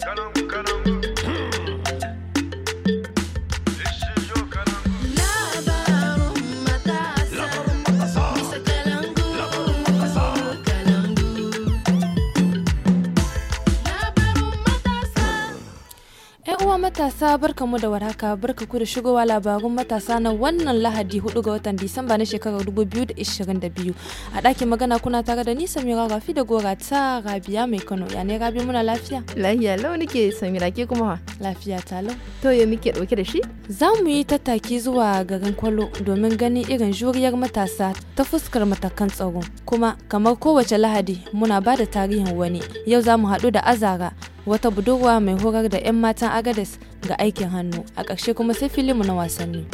Caramba, caramba. matasa barkamu da warhaka barka ku da shigowa labarun matasa na wannan lahadi 4 ga watan Disamba na shekarar 2022. A ɗakin magana kuna tare da ni Samira Rafi da Gora ta Rabia mai Kano. Ya ne Rabi muna lafiya? Lafiya lau nike Samira ke kuma ha? Lafiya ta lau. To ya muke ɗauke da shi? Za mu yi tattaki zuwa garin kwallo domin ganin irin juriyar matasa ta fuskar matakan tsaro. Kuma kamar kowace lahadi muna ba da tarihin wani. Yau za mu haɗu da Azara wata budurwa mai horar da 'yan matan agades ga aikin hannu a ƙarshe kuma sai filimu na wasanni.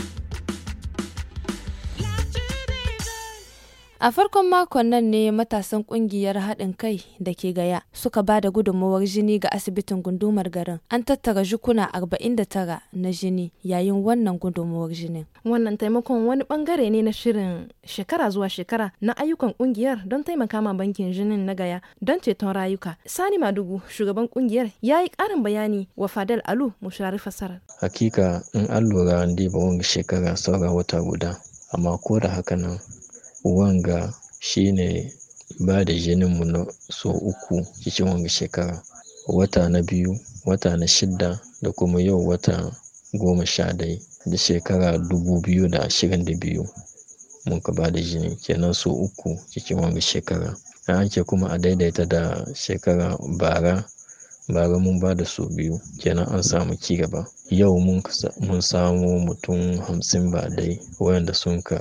A farkon makon nan ne matasan kungiyar haɗin kai da ke gaya suka ba da gudunmawar jini ga asibitin gundumar garin. An tattara jukuna 49 na jini yayin wannan gudunmawar jinin. Wannan taimakon wani bangare ne na shirin shekara zuwa shekara na ayyukan kungiyar don taimaka ma bankin jinin na gaya don ceton rayuka. Sani Madugu, shugaban kungiyar, ya yi karin bayani wa Fadel Alu Mushrari Fasara. Hakika in an lura ba wani shekara saura wata guda, amma ko da haka nan wanga shine ba da jininmu na so uku cikin wanga shekara wata na biyu wata na shidda da kuma yau wata goma sha dai da shekara dubu biyu da ashirin da biyu mun ka ba da jini kenan so uku cikin wanga shekara an ce kuma a daidaita da shekara bara Bara mun ba da su biyu kenan an samu ci gaba. Yau mun samu mutum hamsin ba dai wayanda sun ka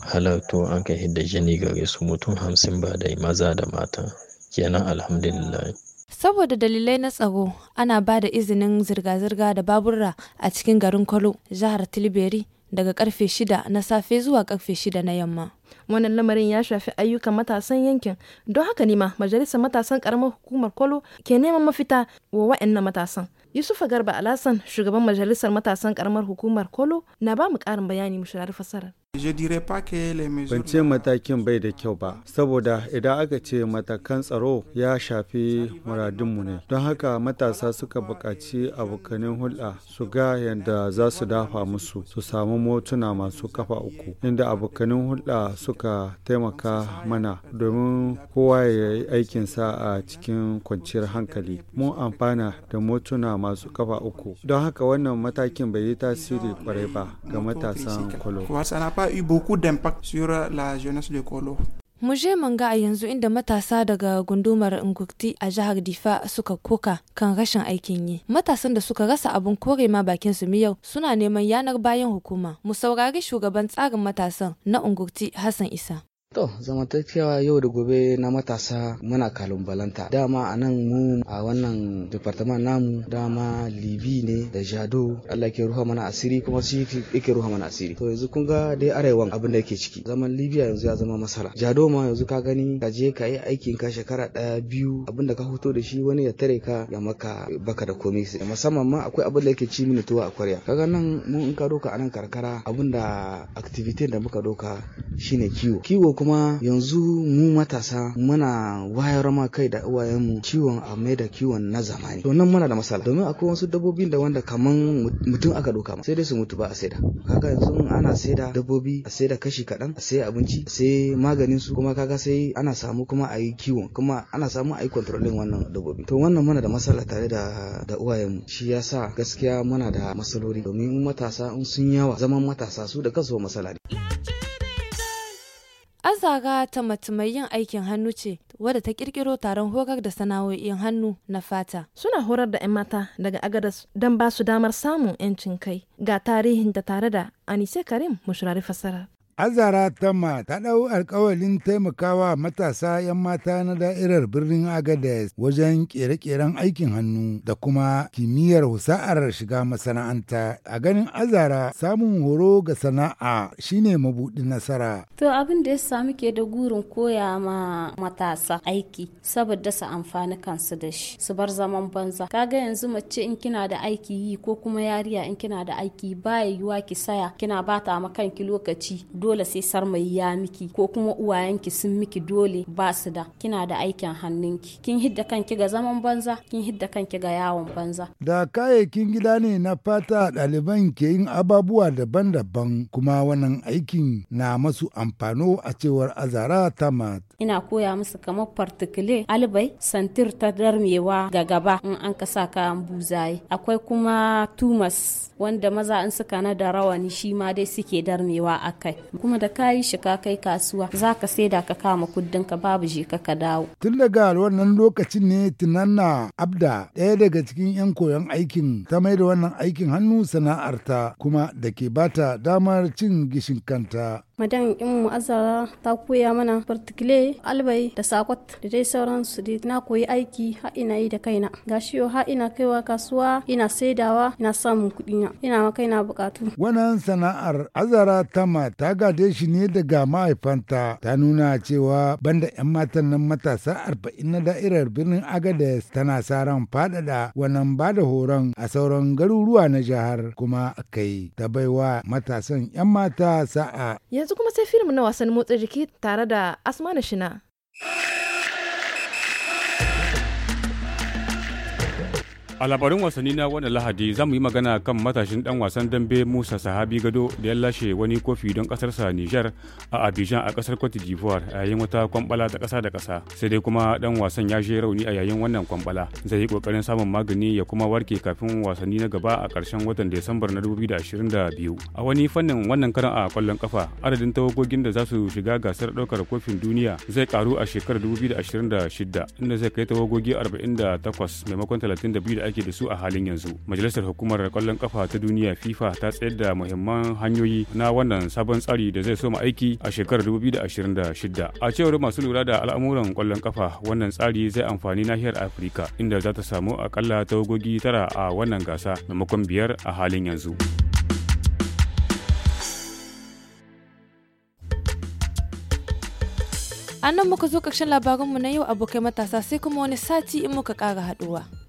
halarto an ka hidda jini gare su mutum hamsin ba dai maza da mata kenan alhamdulillah. saboda dalilai na tsaro ana ba da izinin zirga-zirga da baburra a cikin garin kwalo jihar tilberi daga karfe shida na safe zuwa karfe shida na yamma. Wannan lamarin ya shafi ayyukan matasan yankin, don haka nima majalisar matasan karamar hukumar Kwalo ke neman mafita wa wa'annan matasan. Yusufa Garba Alasan, shugaban majalisar matasan karamar hukumar Kwalo, na ba mu karin bayani mu shirar fasarar. Ban ce matakin bai da kyau ba, saboda idan aka ce matakan tsaro ya shafi muradinmu ne. Don haka matasa suka bukaci abokanin hulɗa su ga yadda za su dafa musu su samu motuna masu kafa uku, inda abokanin hulɗa suka taimaka mana domin kowa ya yi aikinsa a cikin kwanciyar hankali. Mun amfana da motuna masu kafa uku. Don haka wannan matakin bai yi tasiri kwarai ba ga matasan kwalo. pas eu beaucoup d'impact sur la jeunesse de Kolo. Muje manga a yanzu inda matasa daga gundumar Ngukti a jihar Difa suka koka kan rashin aikin yi. Matasan da suka rasa abun kore ma bakin su miyau suna neman yanar bayan hukuma. Mu saurari shugaban tsarin matasan na Ngukti Hassan Isa. To zamantakewa yau da gobe na matasa muna kalumbalanta dama a nan mu a wannan departament namu dama libi ne da jado Allah ke ruha mana asiri kuma shi yake ruha mana asiri to yanzu kun ga dai arewan abin da yake ciki zaman libya yanzu ya zama masala jado ma yanzu ka gani ka je ka yi aikin ka shekara ɗaya biyu abin da ka hoto da shi wani ya tare ka ya maka baka da komai sai musamman ma akwai abin da yake ci mini tuwa a kwarya kaga nan mu in ka doka a nan karkara abin da activity da muka doka shine kiwo kiwo kuma yanzu mu matasa muna wayar ma kai da uwayenmu ciwon a mai da kiwon na zamani to nan muna da masala, domin akwai wasu dabbobin da wanda kaman mutum aka doka ma sai dai su mutu ba a saida kaga yanzu ana saida dabbobi a saida kashi kaɗan a sai abinci a sai maganin su kuma kaga sai ana samu kuma a yi kiwon kuma ana samu a yi kontrolin wannan dabbobi to wannan muna da masala tare da da uwayenmu shi yasa gaskiya muna da matsaloli domin matasa in sun yawa zaman matasa su da kansu matsala ne azaga ta mace mai yin aikin hannu ce wadda ta kirkiro taron hokar da sana'o'in hannu na fata. Suna horar da 'yan mata daga agadas don ba su damar samun 'yancin kai ga tarihinta tare da Anise Karim Mushrari fasara. Azara Tamma ta ɗau alkawalin taimakawa matasa 'yan mata na da'irar birnin Agades wajen ƙere-ƙeren aikin hannu da kuma kimiyyar husa'ar shiga masana'anta. A ganin Azara samun horo ga sana'a shine mabuɗin nasara. To abin da ya sami ke da gurin koya ma matasa aiki saboda su amfani kansu da shi su bar zaman banza. Kaga yanzu mace in kina da aiki yi ko kuma yariya in kina da aiki ba yiwuwa ki saya kina bata ma kanki lokaci. dole sai mai ya miki ko kuma uwayenki sun miki dole ba su da kina da aikin hannunki kin hidda kanki ga zaman banza kin hidda kanki ga yawon banza da kayayyakin gida ne na fata ɗaliban ke yin ababuwa daban-daban kuma wannan aikin na masu amfano a cewar azara tamat ina koya musu kamar partikule albai santir ta darmewa ga gaba in an ka sa kayan buzaye akwai kuma tumas wanda maza in suka na da rawani shi ma dai suke darmewa a kai. kuma da ka yi shiga kai kasuwa za ka saida ka kama kuɗin ka babu je ka ka dawo. Tun daga wannan lokacin ne tunanna abda ɗaya daga cikin 'yan koyon aikin ta mai da wannan aikin hannu sana'arta kuma da ke bata damar cin gishin kanta. madan in mu'azzara ta koya mana partikule albai da sakot da dai sauransu da na koyi aiki ha ina yi da kaina gashi yo ha ina kaiwa kasuwa ina saidawa ina samun kuɗi na ina ma kaina bukatu wannan sana'ar azara tama ta gade shi ne daga mahaifanta ta nuna cewa banda yan matan nan matasa arba'in na da'irar birnin agades tana sa ran faɗaɗa wannan bada horon a sauran garuruwa na jihar kuma kai ta baiwa matasan yan mata sa'a yanzu kuma sai filim na wasan motsa jiki tare da asma na shina. A labarin wasanni na wannan Lahadi za mu yi magana kan matashin dan wasan dambe Musa Sahabi Gado da ya lashe wani kofi don kasarsa Nijar a Abidjan a kasar Cote d'Ivoire a yayin wata kwambala ta kasa da kasa. Sai dai kuma dan wasan ya je rauni a yayin wannan kwambala. Zai yi kokarin samun magani ya kuma warke kafin wasanni na gaba a karshen watan Desambar na 2022. A wani fannin wannan karan a kwallon kafa adadin tawagogin da za su shiga gasar daukar kofin duniya zai karu a shekarar 2026 inda zai kai tawagogi 48 maimakon 32 da ake da su a halin yanzu. Majalisar Hukumar Kwallon Kafa ta Duniya FIFA ta tsayar da muhimman hanyoyi na wannan sabon tsari da zai soma aiki a shekarar 2026. A cewar masu lura da al'amuran kwallon kafa wannan tsari zai amfani nahiyar Afirka inda za ta samu akalla tawagogi tara a wannan gasa maimakon biyar a halin yanzu. anan nan muka zo ƙarshen labaranmu na yau abokai matasa sai kuma wani sati in muka kara haɗuwa.